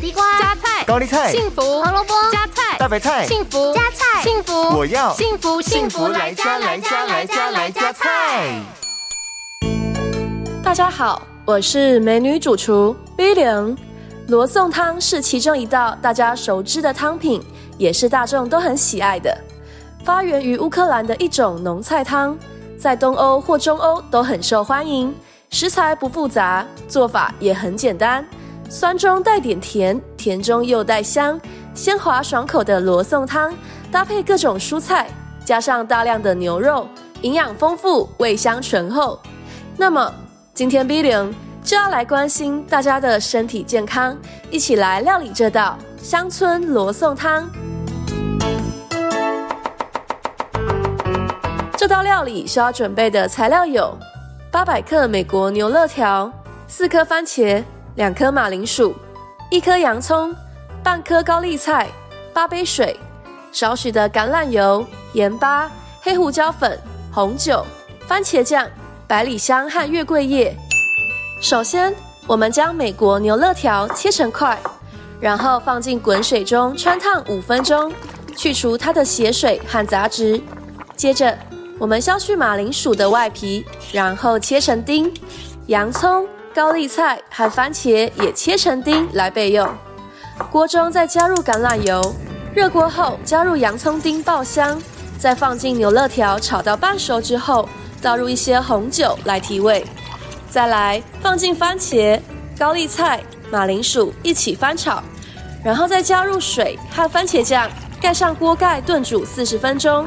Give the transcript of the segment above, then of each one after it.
西地瓜、加菜，高麗麗菜，幸福；胡蘿蔔，加菜，大白北菜，幸福；加菜，幸福。我要幸福，幸福來加，來加，來加，來加菜。大家好，我是美女主廚 i l 威廉。羅宋湯是其中一道大家熟知的湯品，也是大眾都很喜愛的。發源於烏克蘭的一種濃菜湯，在東歐或中歐都很受歡迎。食材不複雜，做法也很簡單。酸中帶點甜，甜中又帶香，鮮滑爽口的羅宋湯搭配各種蔬菜，加上大量的牛肉，營養豐富，味香醇厚。那麼今天 Billion 就要來關心大家的身體健康，一起來料理這道鄉村羅宋湯。這道料理需要準備的材料有：八百克美國牛肋條，四顆番茄。兩顆馬鈴薯，一顆洋蔥，半顆高麗菜，八杯水，少許的橄欖油、鹽巴、黑胡椒粉、紅酒、番茄醬、百里香和月桂葉。首先，我們將美國牛肋條切成塊，然後放進滾水中汆燙五分鐘，去除它的血水和雜質。接着，我們削去馬鈴薯的外皮，然後切成丁。洋蔥。高麗菜和番茄也切成丁來備用。鍋中再加入橄欖油，熱鍋後加入洋蔥丁爆香，再放進牛肋條炒到半熟之後，倒入一些紅酒來提味。再來放進番茄、高麗菜、馬鈴薯一起翻炒，然後再加入水和番茄醬，蓋上鍋蓋燉煮四十分鐘。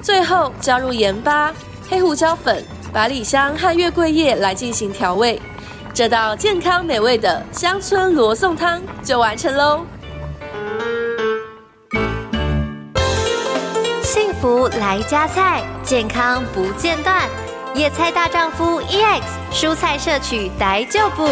最後加入鹽巴、黑胡椒粉、百里香和月桂葉來進行調味。這道健康美味的鄉村羅宋湯就完成嘍！幸福來加菜，健康不間斷，野菜大丈夫 EX 蔬菜攝取逮就補。